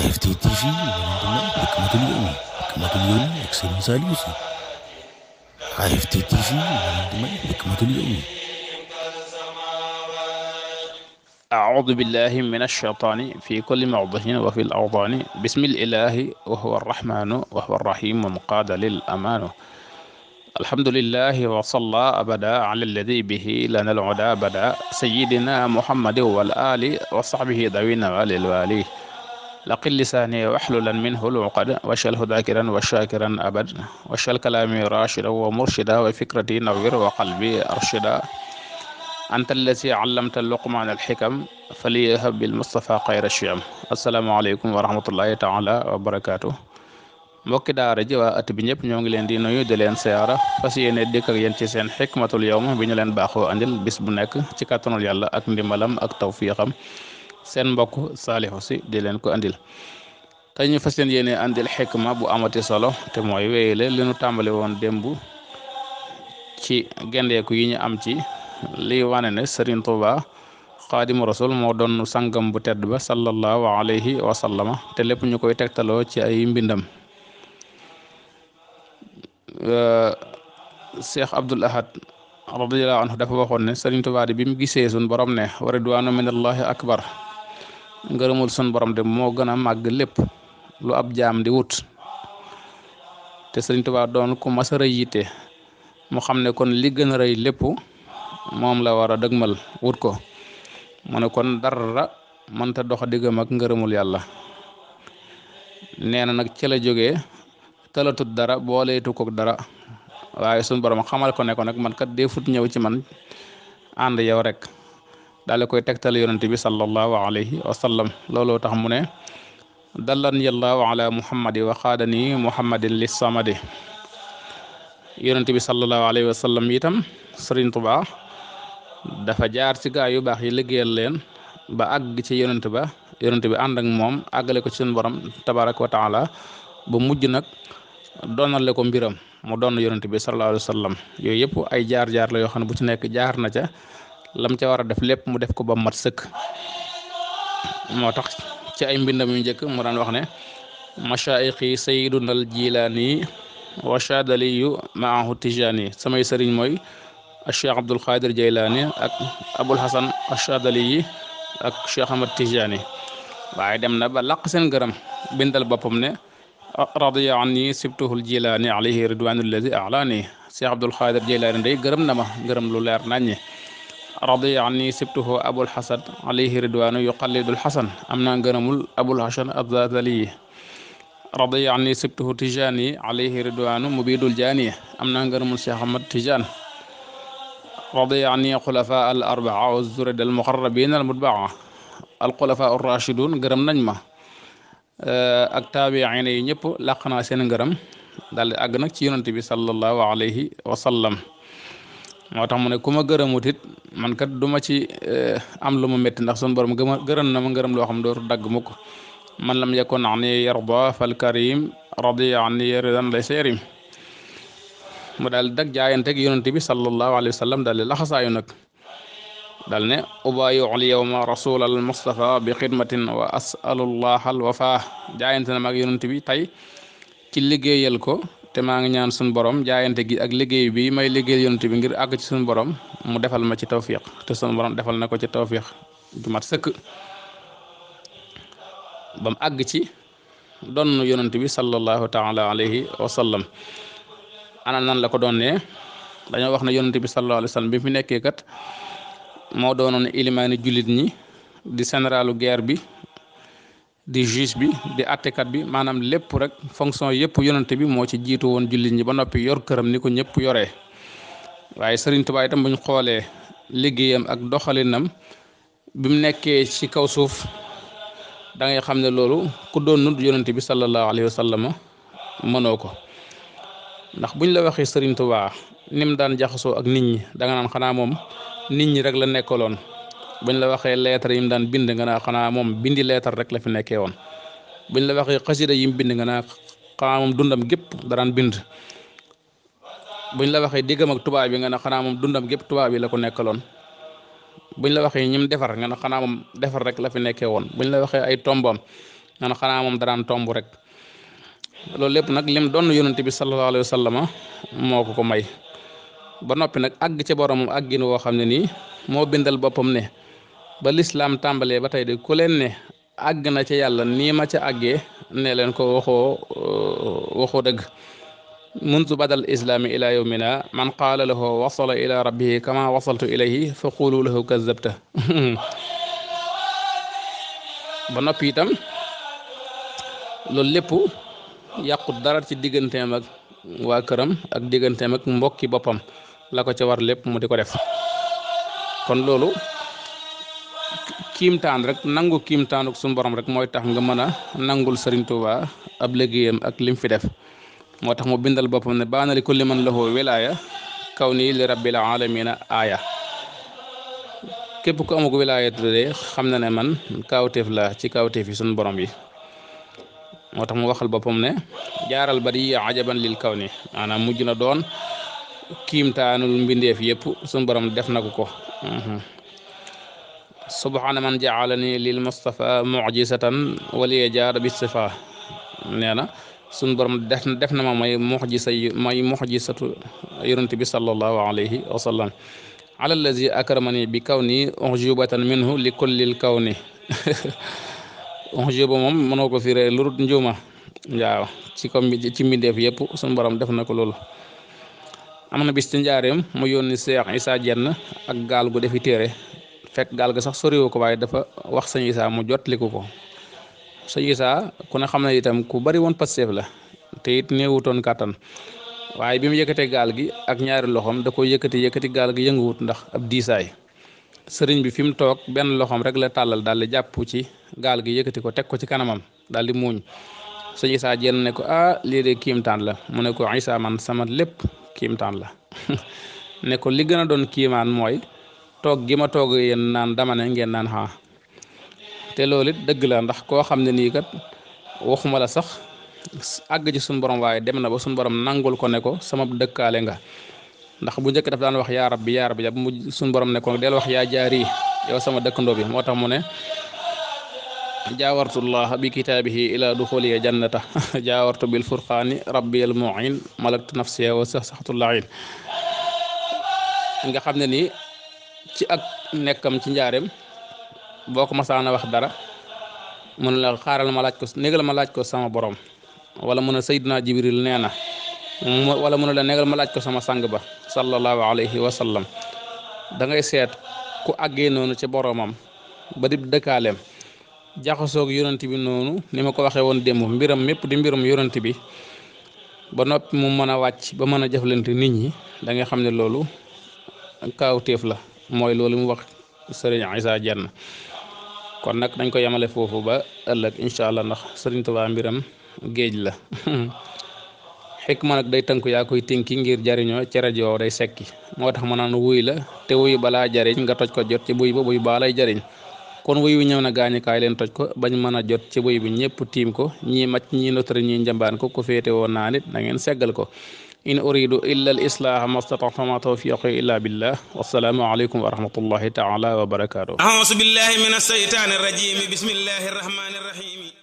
AFT TV ምንድነው? ህክመትን ዮኒ ህክመትን ዮኒ ኤክሰለንስ አልዩሲ AFT TV ምንድነው? ህክመትን ዮኒ أعوذ بالله من الشيطان في كل موضع وفي الأوضان بسم الإله وهو الرحمن وهو الرحيم قاد للأمان الحمد لله وصلى أبدا على الذي به لنا العدا بدا سيدنا محمد والآل وصحبه ذوي النوال الوالي laqil lisaani waxlulan minhu luqad wachalhu dakiran wa shakiran abad wachal kalaami rachida wa murshida wa fikrati nawir wa qalbi arshida anta allazi allamta luqman alxikam faliyahab bilmustafa xayra chiyam asalaamaaleykum wa rahmatullahi taala wa barakaatu mbokki daara ji waa bi ñëpp ñoo ngi leen di nuyu di leen siyaara fas yéene dikk ak yéen ci seen xikmatul yawm bi ñu leen baaxoo andil bis bu nekk ci kàttanul yàlla ak ndimbalam ak tawfiixam seen mbokk Saliou Sy di leen ko andil tey ñu seen yéene andil xikma bu amati solo te mooy wéyale li nu tàmbali woon démb ci gendeeku yi ñu am ci li wane ne Serigne Touba Xaadimu Rasul moo doon sangam bu tedd ba sallallahu alayhi wa sallama te lépp ñu koy tegtaloo ci ay mbindam. Euh, Cheikh Abdul Ahad radiyallahu anhu dafa waxoon ne Serigne di bi mu gisee sun borom ne wa ridwaanu minallahi akbar ngërëmul sun borom de moo gën a màgg lépp lu ab jaam di wut te sëriñ Tuubaa doon ku mas a rëy yitte xam ne kon li gën a rëy lépp moom la war a dëgmal wut ko mu ne kon dara mënta doxa diggam ak ngërëmul yàlla nee na nag ci la jógee tëlatut dara booleetu kook dara waaye sun borom xamal ko ne ko nag man kat dee fut ñëw ci man ànd yow rek daal di koy tegtal yonent bi sallallahu alayhi wa sallam looloo tax mu ne dallan yallaahu ala muhammadi wa xaadani muhammadin li samadi bi sallallahu alayhi wa sallam itam Sëriñ Tuubaa dafa jaar ci gaa yu baax yi liggéeyal leen ba agg ci yonent ba yonent bi ànd ak moom àggale ko ci seen borom tabaaraka wa taala ba mujj nag doonale ko mbiram mu doon yonent bi sallallahu alayhi wa sallam yooyu yëpp ay jaar jaar la yoo xam ne bu ci nekk jaar na ca lam ca war a def lépp mu def ko ba mat sëkk moo tax ci ay mbindam yu njëkk mu daan wax ne mashaayixi sayidunal jilaani wa shaadaliyu maahu tijaani samay sëriñ mooy cheikh abdul xaadir jaylaani ak abul hasan shaadali yi ak cheikh ahmad tijaani waaye dem na ba laq seen gërëm bindal boppam ne radiya anni sibtuhul jilaani alayhi ridwanullazi alaani cheikh abdul xaadir jaylaani day gërëm na ma gërëm lu leer naññi radiya anni sibtuhu abul xasan alayhi ridwaanu yuqallidul xasan am naa ngërëmul abul xasan azazali radiya sibtuhu tijani alayhi ridwaanu am na ngërëmul cheikh ahmad tijan radiya anni xulafa al arbaa wa zurad al muqarrabin al gërëm nañ ma ak taabiina yi ñëpp làq naa seen ngërëm daal ci yonante sallallahu alayhi wa moo tax mu ne ku ma gërëmut it man kat du ma eh, am lu mu metti ndax sun borom gëma gërëm na ma ngërëm loo xam dootu dagg mukk man lam yakun ani yarda fal karim radiya ani yaridan lay mu daal dag jaayante ak yonent bi sallallahu alayhi wa sallam daal di laxasaayu nag daal ne ubayiul yawma rasul al mustafa bi xidmatin wa asalullah al wafa jaayante na ma ak yonent bi tey ci liggéeyal ko te maa ngi ñaan suñu borom jaayante gi ak liggéey bi may liggéey yonent bi ngir àgg ci suñu borom mu defal ma ci tawfiq te suñu borom defal na ko ci tawfiq ju mat sëkk ba mu àgg ci donn yonent bi sallallahu taala alayhi wa sallam ana nan la ko doonee dañoo wax ne yonent bi sallallahu alayhi wa sallam fi nekkee kat moo doonoon ilimaani jullit ñi di généralu guerre bi di juge bi di attekat bi maanaam lépp rek fonction yëpp yonante bi moo ci jiitu woon jullit ñi ba noppi yor këram ni ko ñëpp yoree waaye Sëriñ Tuubaa itam bu ñu xoolee liggéeyam ak doxalinam bi mu nekkee ci kaw suuf da xam ne loolu ku doon nudd yonante bi sallallahu alayhi wa sallam mënoo ko ndax buñ la waxee sëriñtuwaa Tuubaa ni mu daan jaxasoo ak nit ñi da nga naan xanaa moom nit ñi rek la nekkooloon buñ la waxee lettre yi mu daan bind nga naa xanaa moom bindi lettre rek la fi nekkee woon buñ la waxee xasida yi mu bind nga naa xanaa moom dundam gépp daraan bind buñ la waxee diggam ak tubaab bi nga ne xanaa moom dundam gépp tubaab yi la ko nekkaloon buñ la waxee ñim defar nga ne xanaa moom defar rek la fi nekkee woon buñ la waxee ay tombam nga ne xanaa moom daraan tomb rek loolu lépp nag lim doon yonent bi sallallahu alayhi wa sallam moo ko ko may ba noppi nag àgg ci boromam àggin woo xam ne nii moo bindal boppam ne ba lislaam tàmbalee ba tey de ku leen ne àgg na ca yàlla nii ma ca àggee ne leen ko waxoo uh, waxoo dëgg mundu badal islaami ila yawmina man qaala lahu wasala ila rabbihi kama wasaltu ilayhi fa qulu lahu kazabta ba noppi itam loolu lépp yàqut dara ci digganteem ak waa këram ak digganteem ak mbokki boppam la ko ca war lépp mu di ko def kon loolu kiimtaan rek nangu kiimtaanuk suñu boroom rek mooy tax nga mën a nangul Serigne Touba ab liggéeyam ak lim fi def moo tax mu bindal boppam ne baana li kulli man lahu wilaaya kaw nii li rabbil alamina aaya képp ku amuk wilaaya de xam na ne man kaawteef la ci kaawteef yi suñu borom yi moo tax mu waxal boppam ne jaaral bari ajaban lil kaw nii maanaam mujj na doon kiimtaanul mbindeef yëpp suñu borom def na ko ko mhm. subhaana jaalani lil Mustafa mujisatan waliya jaar bi sifa nee na suñ def def na ma may mujisa may mujisatu yonent bi sallallahu alayhi wa sallam akramani bi kawni ujubatan minhu li kullil kawni ujuba moom mënoo ko firee waaw ci ko ci mbindeef yëpp suñ borom def ko loolu am na bis ci mu yónni Seex Isaa ak gaal gu defi fekk gaal gi sax soriwu ko waaye dafa wax sëñ Issa mu jotliku ko sëñ Issa ku ne xam na itam ku bari woon Pastef la te it néewutoon kàttan waaye bi mu yëkkatee gaal gi ak ñaari loxoom da ko yëkkati yëkkati gaal gi yënguwut ndax ab diisaay sëriñ bi fi mu toog benn loxoom rek la tàllal daal di jàpp ci gaal gi yëkkati ko teg ko ci kanamam daal di muuñ sëñ Issa jenn ne ko ah lii de kiimtaan la mu ne ko Issa man sama lépp kiimtaan la ne ko doon kiimaan mooy toog gi ma toog yéen naan dama ne ngeen naan xaa te loolu it dëgg la ndax koo xam ne nii kat waxuma la sax àgg ci suñu borom waaye dem na ba suñu borom nangul ko ne ko sama dëkkaale nga ndax bu njëkk daf daan wax ya rabbi yaa rabbi mu suñu borom ne ko del wax yaa jaari yow sama dëkkandoo bi moo tax mu ne jaawartullah bi kitaabihi ila duxuliya jannata jaawartu bil furqaani rabbiyal muin malaktu nafsiya wa saxatulahin nga xam ne nii ci ak nekkam ci njaareem boo ko masaana wax dara mun la xaaral ma laaj ko négal ma laaj ko sama borom wala mun a sayyidina jibril nee na wala mun la négal ma laaj ko sama sang ba sallallahu alayhi wa sallam da ngay seet ku àggee noonu ci boromam ba di dëkkaaleem jaxasoog yonent bi noonu ni ma ko waxee woon démb mbiram mépp di mbiram yonent bi ba noppi mu mën a wàcc ba mën a jëflante nit ñi dangay xam ne loolu kaawteef la mooy loolu mu wax sëriñ Isa Jenn kon nag dañ ko yamale foofu ba ëllëg incha allah ndax sëriñ Tuubaa mbiram géej la ma nag day tënku yaa koy tinki ngir jariñoo ci rajo day sekki moo tax ma naan wuy la te wuy balaa jariñ nga toj ko jot ci buy ba buy baa lay jariñ kon wuy wi ñëw na gaañi kaay leen toj ko bañ mën a jot ci buy bi ñëpp tiim ko ñii mac ñii notari ñii njambaan ko ko féete woon naa nit na ngeen seggal ko in uridu illa al islaaha mastatata ma tawfiqi illa billah wassalaamu aleykum wa rahmatullahi taala wa barakaatu auzu billahi min asseytaani rajim bismillahi rahmani rahim